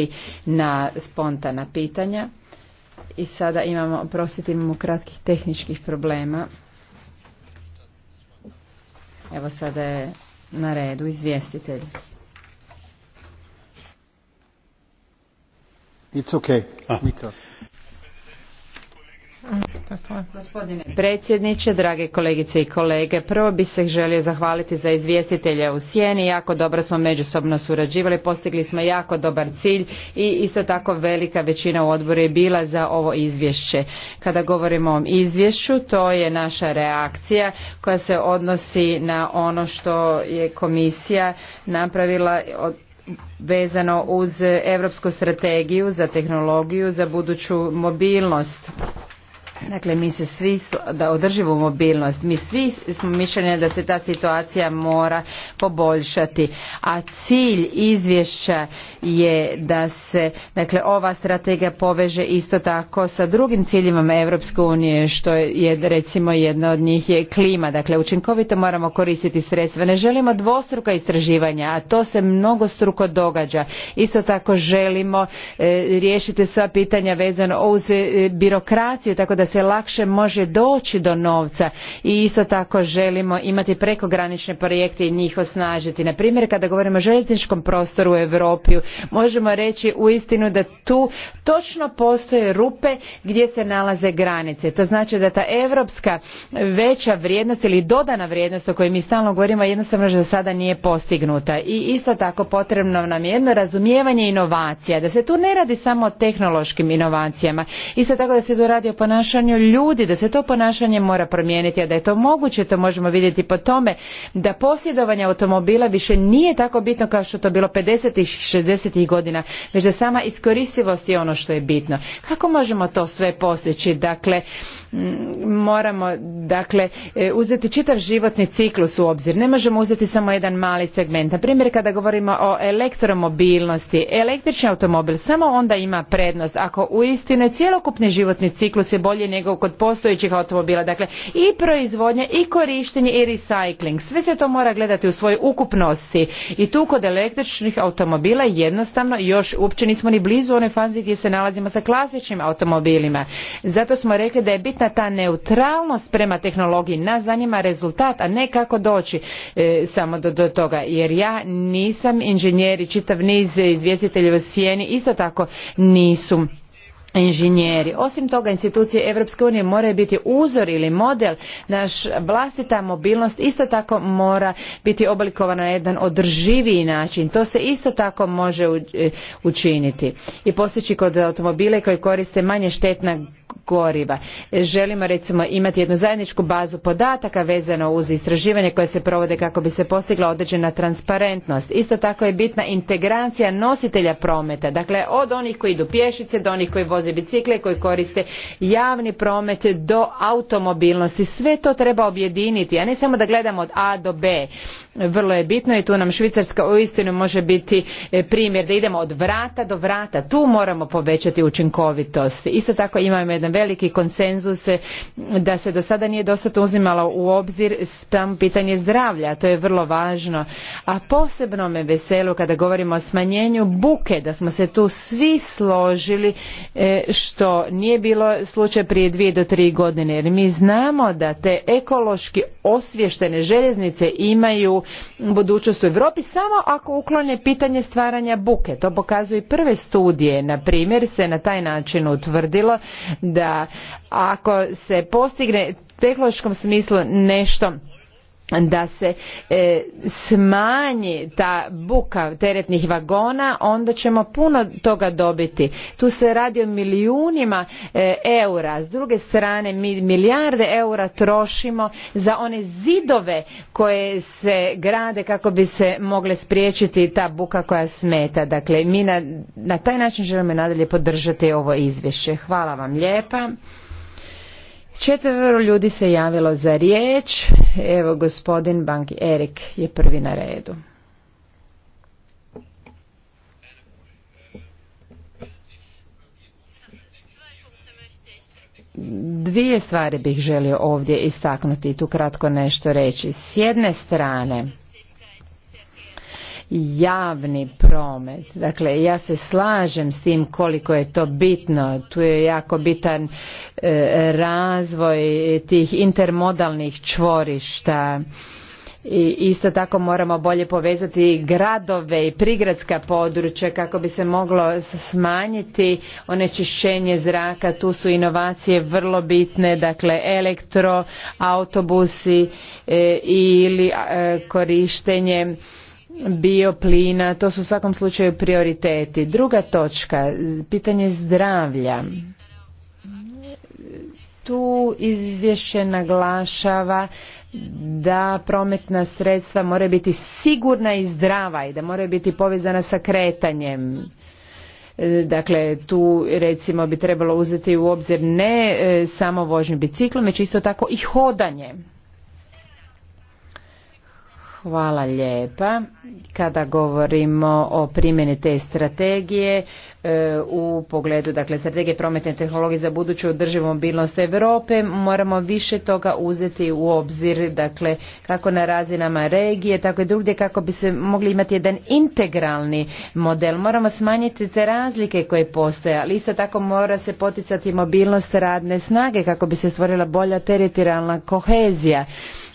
odnosi na spontana pitanja. I sada imamo, oprostite, imamo kratkih tehničkih problema. Evo sada je na redu izvjestitelj. It's okay. Ah. Gospodine predsjedniče, drage kolegice i kolege, prvo bih se želio zahvaliti za izvjestitelja u Sjeni, jako dobro smo međusobno surađivali, postigli smo jako dobar cilj i isto tako velika većina u odboru je bila za ovo izvješće. Kada govorimo o izvješću, to je naša reakcija koja se odnosi na ono što je komisija napravila vezano uz europsku strategiju za tehnologiju za buduću mobilnost Dakle, mi se svi, da održivu mobilnost, mi svi smo mišljeni da se ta situacija mora poboljšati, a cilj izvješća je da se, dakle, ova strategija poveže isto tako sa drugim ciljima Europske unije, što je recimo jedna od njih je klima, dakle, učinkovito moramo koristiti sredstva, ne želimo dvostruka istraživanja, a to se mnogostruko događa. Isto tako želimo e, riješiti sva pitanja vezano uz e, birokraciju, tako da se lakše može doći do novca i isto tako želimo imati prekogranične projekte i njih osnažiti. Na primjer, kada govorimo o željezničkom prostoru u Europi, možemo reći istinu da tu točno postoje rupe gdje se nalaze granice. To znači da ta europska veća vrijednost ili dodana vrijednost o kojoj mi stalno govorimo jednostavno za sada nije postignuta. I isto tako potrebno nam je jedno razumijevanje inovacija, da se tu ne radi samo o tehnološkim inovacijama. Isto tako da se tu radi o ponašanju ponašanju ljudi, da se to ponašanje mora promijeniti, a da je to moguće, to možemo vidjeti po tome da posjedovanje automobila više nije tako bitno kao što to bilo 50. i 60. godina, već da sama iskoristivost je ono što je bitno. Kako možemo to sve postići? Dakle, mm, moramo dakle, e, uzeti čitav životni ciklus u obzir. Ne možemo uzeti samo jedan mali segment. Na primjer, kada govorimo o elektromobilnosti, električni automobil samo onda ima prednost ako uistinu je cjelokupni životni ciklus je bolje nego kod postojećih automobila. Dakle, i proizvodnja, i korištenje, i recycling. Sve se to mora gledati u svojoj ukupnosti. I tu kod električnih automobila jednostavno još uopće nismo ni blizu one fazi gdje se nalazimo sa klasičnim automobilima. Zato smo rekli da je bitna ta neutralnost prema tehnologiji. Nas zanima rezultat, a ne kako doći e, samo do, toga. Jer ja nisam inženjer i čitav niz izvjestitelja u sjeni isto tako nisu inženjeri. Osim toga, institucije Europske unije moraju biti uzor ili model. Naš vlastita mobilnost isto tako mora biti oblikovana na jedan održiviji način. To se isto tako može e, učiniti i postići kod automobile koji koriste manje štetna goriva. E, želimo recimo imati jednu zajedničku bazu podataka vezano uz istraživanje koje se provode kako bi se postigla određena transparentnost. Isto tako je bitna integracija nositelja prometa. Dakle, od onih koji idu pješice do onih koji voze voze bicikle, koji koriste javni promet do automobilnosti. Sve to treba objediniti, a ne samo da gledamo od A do B. Vrlo je bitno i tu nam Švicarska uistinu može biti e, primjer da idemo od vrata do vrata. Tu moramo povećati učinkovitost. Isto tako imamo jedan veliki konsenzus e, da se do sada nije dosta uzimalo u obzir samo pitanje zdravlja. To je vrlo važno. A posebno me veselo kada govorimo o smanjenju buke, da smo se tu svi složili e, što nije bilo slučaj prije dvije do tri godine jer mi znamo da te ekološki osvještene željeznice imaju budućnost u Europi samo ako uklone pitanje stvaranja buke. To pokazuju prve studije. Na primjer se na taj način utvrdilo da ako se postigne u tehnološkom smislu nešto da se e, smanji ta buka teretnih vagona onda ćemo puno toga dobiti tu se radi o milijunima e, eura s druge strane mi milijarde eura trošimo za one zidove koje se grade kako bi se mogle spriječiti ta buka koja smeta dakle mi na, na taj način želimo nadalje podržati ovo izvješće hvala vam lijepa Četvero ljudi se javilo za riječ. Evo gospodin Bank Erik je prvi na redu. Dvije stvari bih želio ovdje istaknuti i tu kratko nešto reći. S jedne strane, javni promet. Dakle, ja se slažem s tim koliko je to bitno. Tu je jako bitan e, razvoj tih intermodalnih čvorišta. I isto tako moramo bolje povezati gradove i prigradska područja kako bi se moglo smanjiti onečišćenje zraka. Tu su inovacije vrlo bitne, dakle elektro, autobusi e, ili korištenje bioplina, to su u svakom slučaju prioriteti. Druga točka, pitanje zdravlja. Tu izvješće naglašava da prometna sredstva moraju biti sigurna i zdrava i da moraju biti povezana sa kretanjem. E, dakle, tu recimo bi trebalo uzeti u obzir ne e, samo vožnju biciklom, već isto tako i hodanje. Hvala lijepa. Kada govorimo o primjeni te strategije e, u pogledu dakle strategije prometne tehnologije za buduću održivu mobilnost Europe moramo više toga uzeti u obzir dakle kako na razinama regije tako i drugdje kako bi se mogli imati jedan integralni model. Moramo smanjiti te razlike koje postoje, ali isto tako mora se poticati mobilnost radne snage kako bi se stvorila bolja teritorijalna kohezija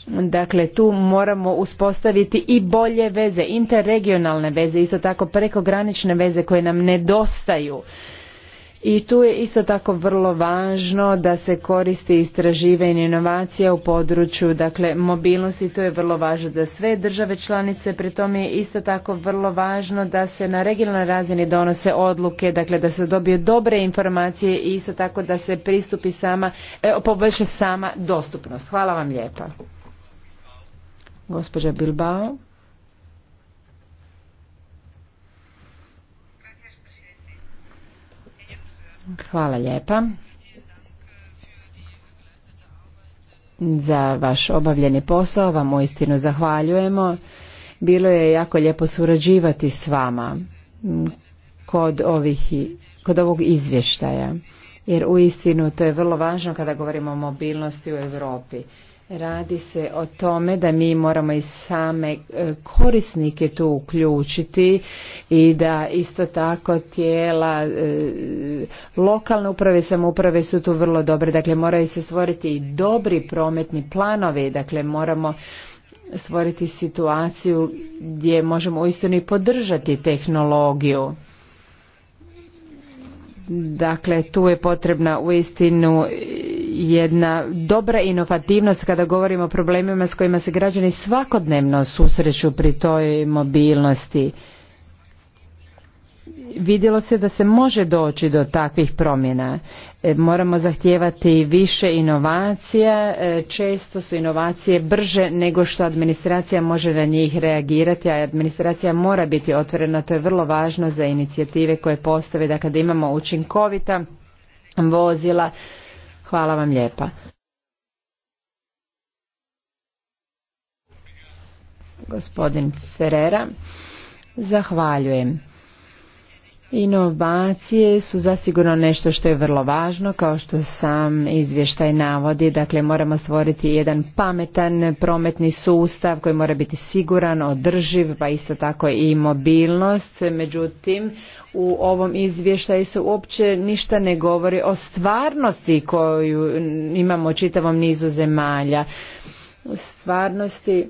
Dakle, tu moramo uspostaviti i bolje veze, interregionalne veze, isto tako prekogranične veze koje nam nedostaju. I tu je isto tako vrlo važno da se koristi istraživanje inovacija u području dakle, mobilnosti, to je vrlo važno za sve države članice, pri tome je isto tako vrlo važno da se na regionalnoj razini donose odluke, dakle da se dobiju dobre informacije i isto tako da se pristupi sama, e, poboljša sama dostupnost. Hvala vam lijepa. Gospođa Bilbao. Hvala lijepa za vaš obavljeni posao, vam uistinu zahvaljujemo. Bilo je jako lijepo surađivati s vama kod, ovih, kod ovog izvještaja, jer uistinu to je vrlo važno kada govorimo o mobilnosti u Europi. Radi se o tome da mi moramo i same e, korisnike tu uključiti i da isto tako tijela e, lokalne uprave i samouprave su tu vrlo dobre. Dakle, moraju se stvoriti i dobri prometni planovi. Dakle, moramo stvoriti situaciju gdje možemo uistinu i podržati tehnologiju. Dakle, tu je potrebna uistinu jedna dobra inovativnost kada govorimo o problemima s kojima se građani svakodnevno susreću pri toj mobilnosti vidjelo se da se može doći do takvih promjena. E, moramo zahtijevati više inovacija, e, često su inovacije brže nego što administracija može na njih reagirati, a administracija mora biti otvorena, to je vrlo važno za inicijative koje postoje, dakle da imamo učinkovita vozila. Hvala vam lijepa. Gospodin Ferrera, zahvaljujem. Inovacije su zasigurno nešto što je vrlo važno, kao što sam izvještaj navodi, dakle moramo stvoriti jedan pametan prometni sustav koji mora biti siguran, održiv, pa isto tako i mobilnost. Međutim, u ovom izvještaju se uopće ništa ne govori o stvarnosti koju imamo u čitavom nizu zemalja. Stvarnosti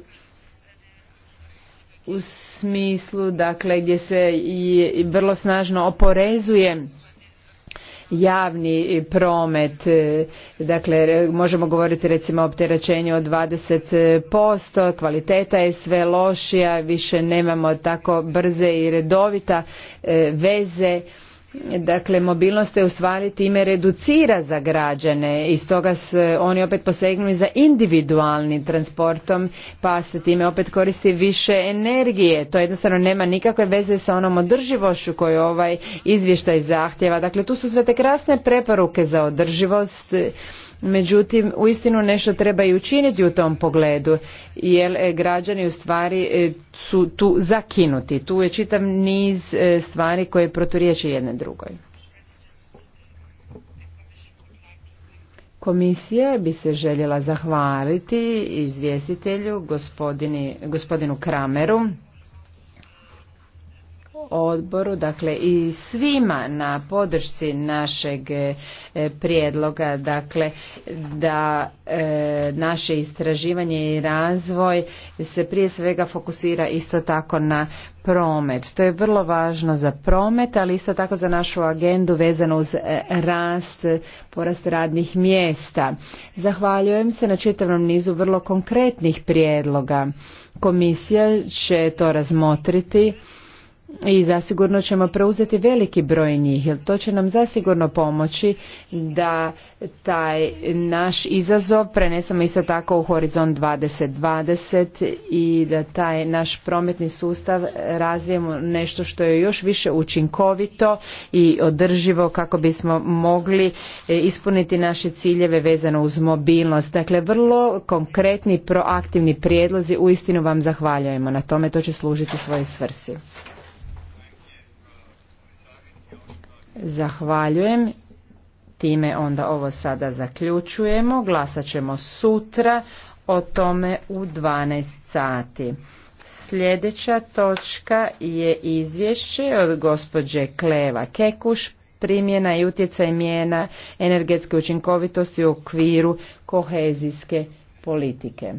u smislu dakle gdje se i vrlo snažno oporezuje javni promet dakle možemo govoriti recimo o opterećenju od 20% kvaliteta je sve lošija više nemamo tako brze i redovita e, veze Dakle, mobilnost je u stvari time reducira za građane i stoga se oni opet posegnuli za individualnim transportom pa se time opet koristi više energije. To jednostavno nema nikakve veze sa onom održivošću koju ovaj izvještaj zahtjeva. Dakle, tu su sve te krasne preporuke za održivost međutim uistinu nešto treba i učiniti u tom pogledu jer e, građani u stvari e, su tu zakinuti. Tu je čitav niz e, stvari koje proturječe jedne drugoj. Komisija bi se željela zahvaliti izvjestitelju gospodinu Krameru odboru, dakle i svima na podršci našeg e, prijedloga, dakle da e, naše istraživanje i razvoj se prije svega fokusira isto tako na promet. To je vrlo važno za promet, ali isto tako za našu agendu vezano uz e, rast, porast radnih mjesta. Zahvaljujem se na čitavnom nizu vrlo konkretnih prijedloga. Komisija će to razmotriti i zasigurno ćemo preuzeti veliki broj njih jer to će nam zasigurno pomoći da taj naš izazov prenesemo isto tako u horizont 2020 i da taj naš prometni sustav razvijemo nešto što je još više učinkovito i održivo kako bismo mogli e, ispuniti naše ciljeve vezano uz mobilnost. Dakle, vrlo konkretni proaktivni prijedlozi uistinu vam zahvaljujemo na tome, to će služiti svojoj svrsi. Zahvaljujem. Time onda ovo sada zaključujemo. Glasat ćemo sutra o tome u 12 sati. Sljedeća točka je izvješće od gospođe Kleva Kekuš, primjena i utjecaj mjena energetske učinkovitosti u okviru kohezijske politike.